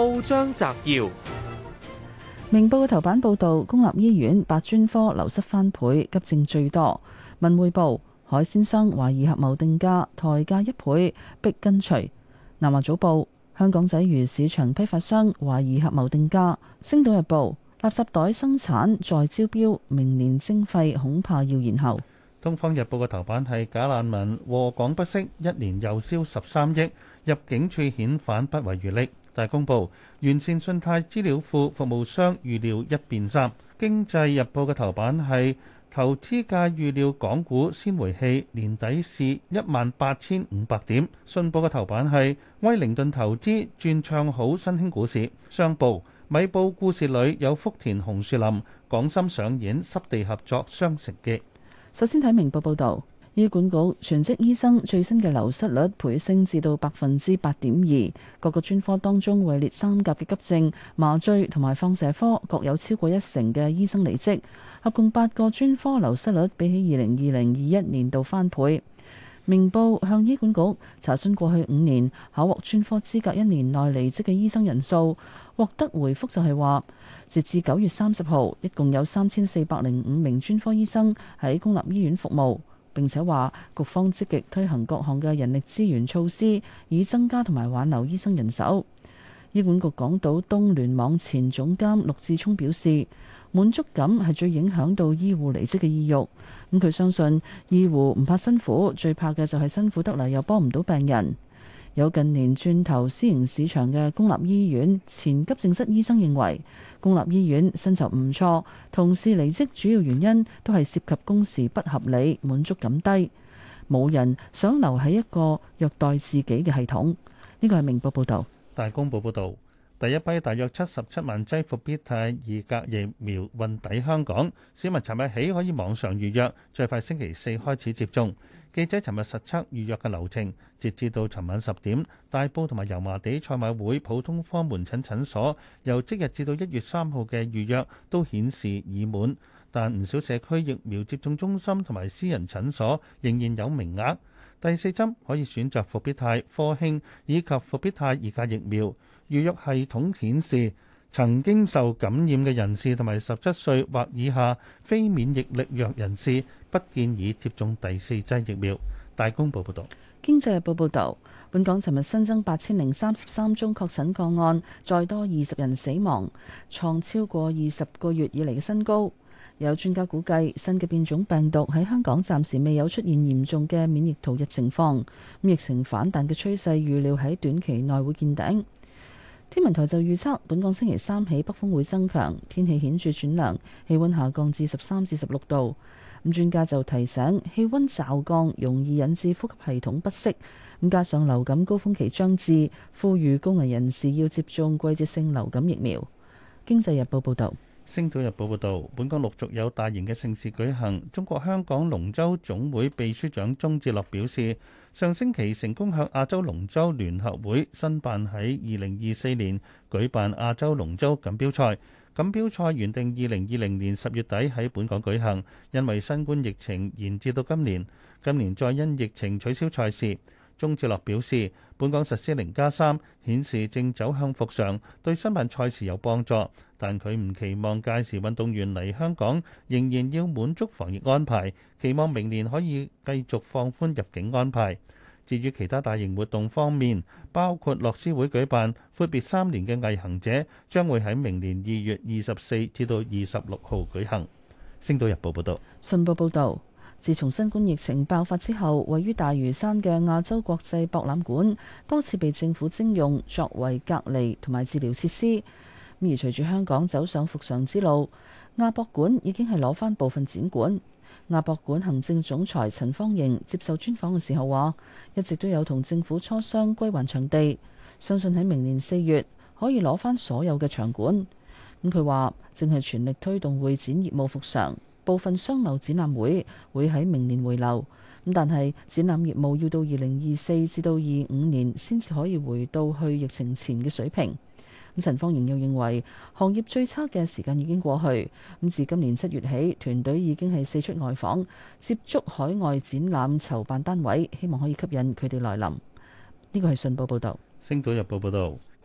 報章摘要：明報嘅頭版報道，公立醫院八專科流失翻倍，急症最多。文匯報，海鮮商懷疑合謀定價，抬價一倍，逼跟隨。南華早報，香港仔魚市場批發商懷疑合謀定價。星島日報，垃圾袋生產再招標，明年徵費恐怕要延後。東方日報嘅頭版係假難民禍港不息，一年又銷十三億，入境處遣返，返不遺餘力。大公報，完善信貸資料庫，服務商預料一變三。經濟日報嘅頭版係投資界預料港股先回氣，年底是一萬八千五百點。信報嘅頭版係威靈頓投資轉唱好新興股市。商報米報故事裏有福田紅樹林、港深上演濕地合作雙城記。首先睇明報報道。醫管局全職醫生最新嘅流失率倍升至到百分之八點二。各個專科當中位列三甲嘅急症、麻醉同埋放射科各有超過一成嘅醫生離職，合共八個專科流失率比起二零二零二一年度翻倍。明報向醫管局查詢過去五年考獲專科資格一年內離職嘅醫生人數，獲得回覆就係話，截至九月三十號，一共有三千四百零五名專科醫生喺公立醫院服務。並且話，局方積極推行各項嘅人力資源措施，以增加同埋挽留醫生人手。醫管局港島東聯網前總監陸志聰表示，滿足感係最影響到醫護離職嘅意欲。咁，嗯，佢相信，醫護唔怕辛苦，最怕嘅就係辛苦得嚟又幫唔到病人。有近年轉投私營市場嘅公立醫院前急症室醫生認為，公立醫院薪酬唔錯，同事離職主要原因都係涉及工時不合理、滿足感低，冇人想留喺一個虐待自己嘅系統。呢、這個係明報報導，大公報報導。第一批大約七十七萬劑復必泰二價疫苗運抵香港，市民尋日起可以網上預約，最快星期四開始接種。記者尋日實測預約嘅流程，截至到尋晚十點，大埔同埋油麻地賽馬會普通科門診診所由即日至到一月三號嘅預約都顯示已滿，但唔少社區疫苗接種中心同埋私人診所仍然有名額。第四針可以選擇復必泰科興以及復必泰二價疫苗。預約系統顯示，曾經受感染嘅人士同埋十七歲或以下非免疫力弱人士，不建議接種第四劑疫苗。大公報報導，《經濟日報》報導，本港尋日新增八千零三十三宗確診個案，再多二十人死亡，創超過二十個月以嚟嘅新高。有專家估計，新嘅變種病毒喺香港暫時未有出現嚴重嘅免疫逃逸情況，疫情反彈嘅趨勢預料喺短期內會見頂。天文台就預測，本港星期三起北風會增強，天氣顯著轉涼，氣温下降至十三至十六度。咁專家就提醒，氣温驟降容易引致呼吸系統不適，咁加上流感高峰期將至，呼籲高危人士要接種季節性流感疫苗。經濟日報報導。星島日報報導，本港陸續有大型嘅盛事舉行。中國香港龍舟總會秘書長鍾志樂表示，上星期成功向亞洲龍舟聯合會申辦喺二零二四年舉辦亞洲龍舟錦標賽。錦標賽原定二零二零年十月底喺本港舉行，因為新冠疫情延至到今年，今年再因疫情取消賽事。鍾志樂表示，本港實施零加三顯示正走向復常，對申辦賽事有幫助，但佢唔期望屆時運動員嚟香港，仍然要滿足防疫安排。期望明年可以繼續放寬入境安排。至於其他大型活動方面，包括樂施會舉辦闊別三年嘅毅行者，將會喺明年二月二十四至到二十六號舉行。星島日報報道。信報報導。自從新冠疫情爆發之後，位於大嶼山嘅亞洲國際博覽館多次被政府徵用作為隔離同埋治療設施。而隨住香港走上復常之路，亞博館已經係攞翻部分展館。亞博館行政總裁陳方瑩接受專訪嘅時候話，一直都有同政府磋商歸還場地，相信喺明年四月可以攞翻所有嘅場館。咁佢話正係全力推動會展業務復常。部分商貿展覽會會喺明年回流咁，但係展覽業務要到二零二四至到二五年先至可以回到去疫情前嘅水平。咁陳方榮又認為，行業最差嘅時間已經過去。咁自今年七月起，團隊已經係四出外訪，接觸海外展覽籌辦單位，希望可以吸引佢哋來臨。呢、這個係信報報道，《星島日報》報道。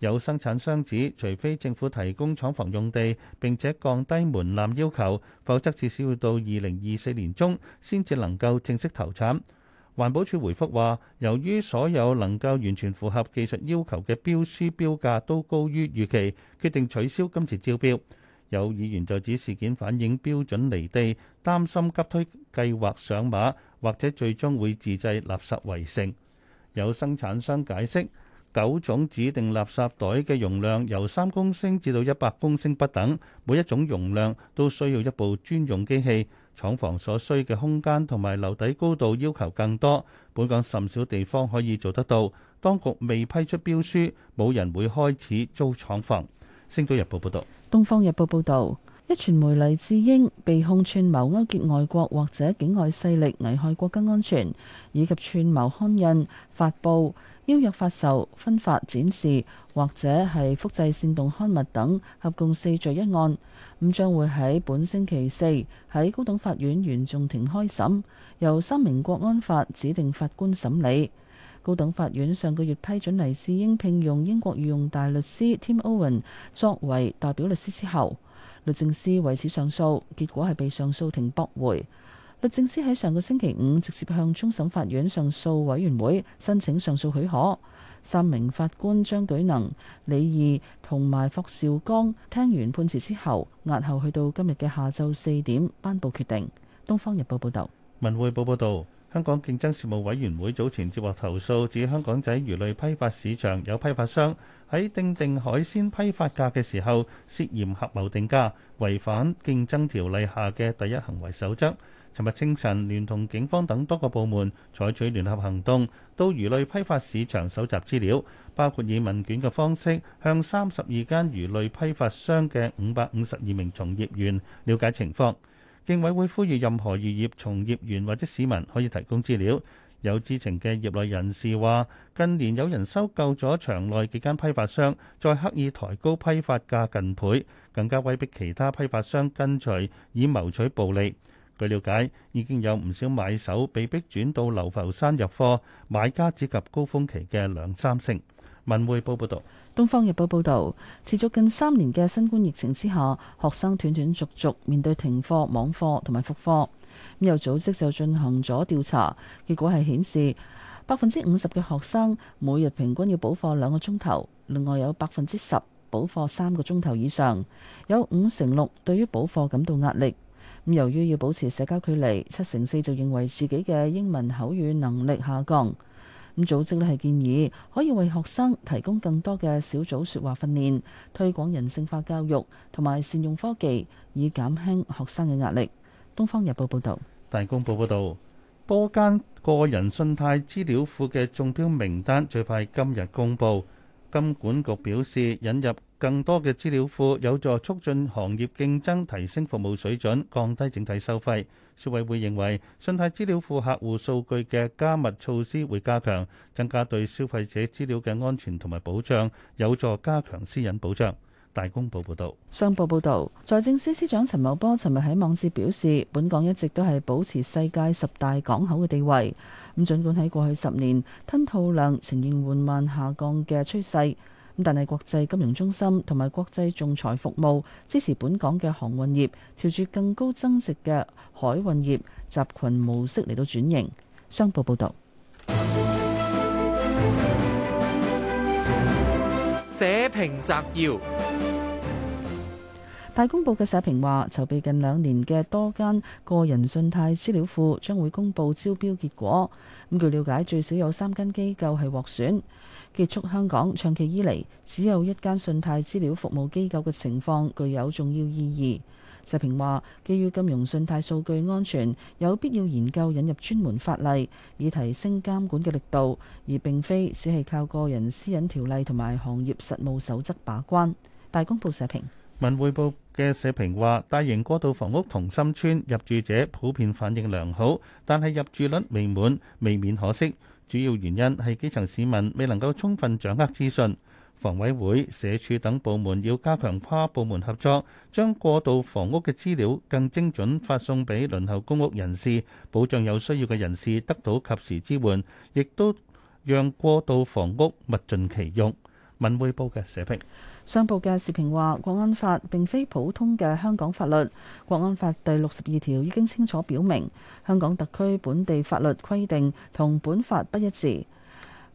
有生產商指，除非政府提供廠房用地並且降低門檻要求，否則至少要到二零二四年中先至能夠正式投產。環保署回覆話，由於所有能夠完全符合技術要求嘅標書標價都高於預期，決定取消今次招標。有議員就指事件反映標準離地，擔心急推計劃上馬，或者最終會自製垃圾圍城。有生產商解釋。九種指定垃圾袋嘅容量由三公升至到一百公升不等，每一種容量都需要一部專用機器，廠房所需嘅空間同埋樓底高度要求更多，本港甚少地方可以做得到。當局未批出標書，冇人會開始租廠房。星島日報報道，東方日報報道。一傳媒黎智英被控串謀勾結外國或者境外勢力危害國家安全，以及串謀刊印、發布、邀約發售、分發、展示或者係複製煽動刊物等，合共四罪一案。咁將會喺本星期四喺高等法院原訟庭開審，由三名國安法指定法官審理。高等法院上個月批准黎智英聘用英國御用大律師 Tim Owen 作為代表律師之後。.律政司為此上訴，結果係被上訴庭駁回。律政司喺上個星期五直接向終審法院上訴委員會申請上訴許可。三名法官張舉能、李義同埋霍兆剛聽完判詞之後，押後去到今日嘅下晝四點頒布決定。東方日報報道，文匯報報道。香港競爭事務委員會早前接獲投訴，指香港仔魚類批發市場有批發商喺訂定海鮮批發價嘅時候，涉嫌合謀定價，違反競爭條例下嘅第一行為守則。尋日清晨，聯同警方等多個部門採取聯合行動，到魚類批發市場搜集資料，包括以問卷嘅方式向三十二間魚類批發商嘅五百五十二名從業員了解情況。政委會呼籲任何漁業從業員或者市民可以提供資料。有知情嘅業內人士話，近年有人收購咗場內幾間批發商，再刻意抬高批發價近倍，更加威逼其他批發商跟隨以謀取暴利。據了解，已經有唔少買手被逼轉到流浮山入貨，買家只及高峰期嘅兩三成。文匯報報道，東方日報報道，持續近三年嘅新冠疫情之下，學生斷斷續續面對停課、網課同埋復課。咁有組織就進行咗調查，結果係顯示，百分之五十嘅學生每日平均要補課兩個鐘頭，另外有百分之十補課三個鐘頭以上，有五成六對於補課感到壓力。咁由於要保持社交距離，七成四就認為自己嘅英文口語能力下降。組織呢係建議可以為學生提供更多嘅小組説話訓練，推廣人性化教育同埋善用科技，以減輕學生嘅壓力。《東方日報》報導，《大公報》報導，多間個人信貸資料庫嘅中標名單最快今日公布。金管局表示，引入更多嘅資料庫有助促進行業競爭，提升服務水準，降低整體收費。消委會認為，信貸資料庫客戶數據嘅加密措施會加強，增加對消費者資料嘅安全同埋保障，有助加強私隱保障。大公報報道。商報報道，財政司司長陳茂波尋日喺網誌表示，本港一直都係保持世界十大港口嘅地位。咁，儘管喺過去十年吞吐量呈現緩慢下降嘅趨勢。但係國際金融中心同埋國際仲裁服務支持本港嘅航運業朝住更高增值嘅海運業集群模式嚟到轉型。商報報道。社評摘要：大公報嘅社評話，籌備近兩年嘅多間個人信貸資料庫將會公布招標結果。咁據了解，最少有三間機構係獲選，結束香港長期以嚟只有一間信貸資料服務機構嘅情況，具有重要意義。社評話，基於金融信貸數據安全，有必要研究引入專門法例，以提升監管嘅力度，而並非只係靠個人私隱條例同埋行業實務守則把關。大公報社評。文匯報嘅社評話，大型過渡房屋同心村入住者普遍反應良好，但係入住率未滿，未免可惜。主要原因係基層市民未能夠充分掌握資訊，房委會、社署等部門要加強跨部門合作，將過渡房屋嘅資料更精準發送俾輪候公屋人士，保障有需要嘅人士得到及時支援，亦都讓過渡房屋物盡其用。文匯報嘅社評。商報嘅視頻話：國安法並非普通嘅香港法律。國安法第六十二條已經清楚表明，香港特區本地法律規定同本法不一致，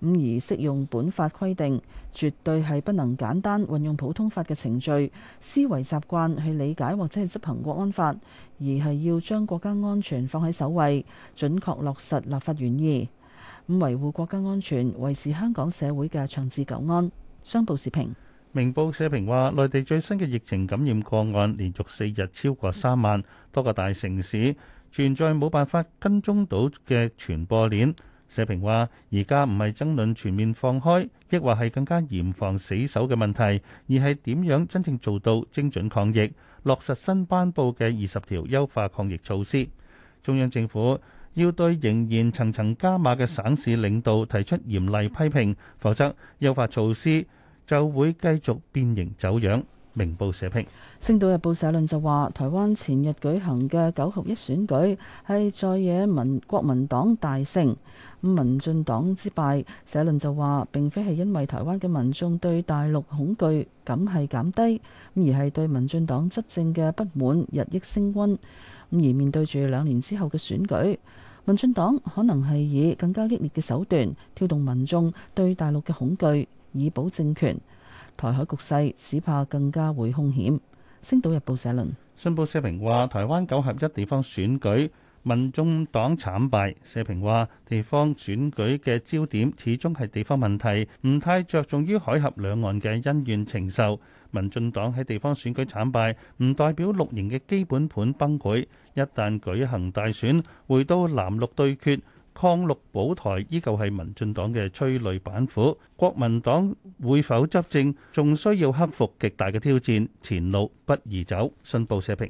咁而適用本法規定，絕對係不能簡單運用普通法嘅程序思維習慣去理解或者係執行國安法，而係要將國家安全放喺首位，準確落實立法原意，咁維護國家安全，維持香港社會嘅長治久安。商報視頻。明報社評話，內地最新嘅疫情感染個案連續四日超過三萬，多個大城市存在冇辦法跟蹤到嘅傳播鏈。社評話，而家唔係爭論全面放開，抑或係更加嚴防死守嘅問題，而係點樣真正做到精準抗疫，落實新頒佈嘅二十條優化抗疫措施。中央政府要對仍然層層加碼嘅省市領導提出嚴厲批評，否則優化措施。就會繼續變形走樣。明報社評，《星島日報》社論就話：台灣前日舉行嘅九合一選舉係在野民國民黨大勝，咁民進黨之敗。社論就話：並非係因為台灣嘅民眾對大陸恐懼感係減低，咁而係對民進黨執政嘅不滿日益升溫。咁而面對住兩年之後嘅選舉，民進黨可能係以更加激烈嘅手段挑動民眾對大陸嘅恐懼。以保政權，台海局勢只怕更加會凶險。《星島日報》社論，信報社評話：台灣九合一地方選舉，民進黨慘敗。社評話，地方選舉嘅焦點始終係地方問題，唔太著重於海峽兩岸嘅恩怨情仇。民進黨喺地方選舉慘敗，唔代表綠營嘅基本盤崩潰。一旦舉行大選，回到藍綠對決。抗陸保台依舊係民進黨嘅催淚板斧，國民黨會否執政，仲需要克服極大嘅挑戰，前路不易走。新報社評。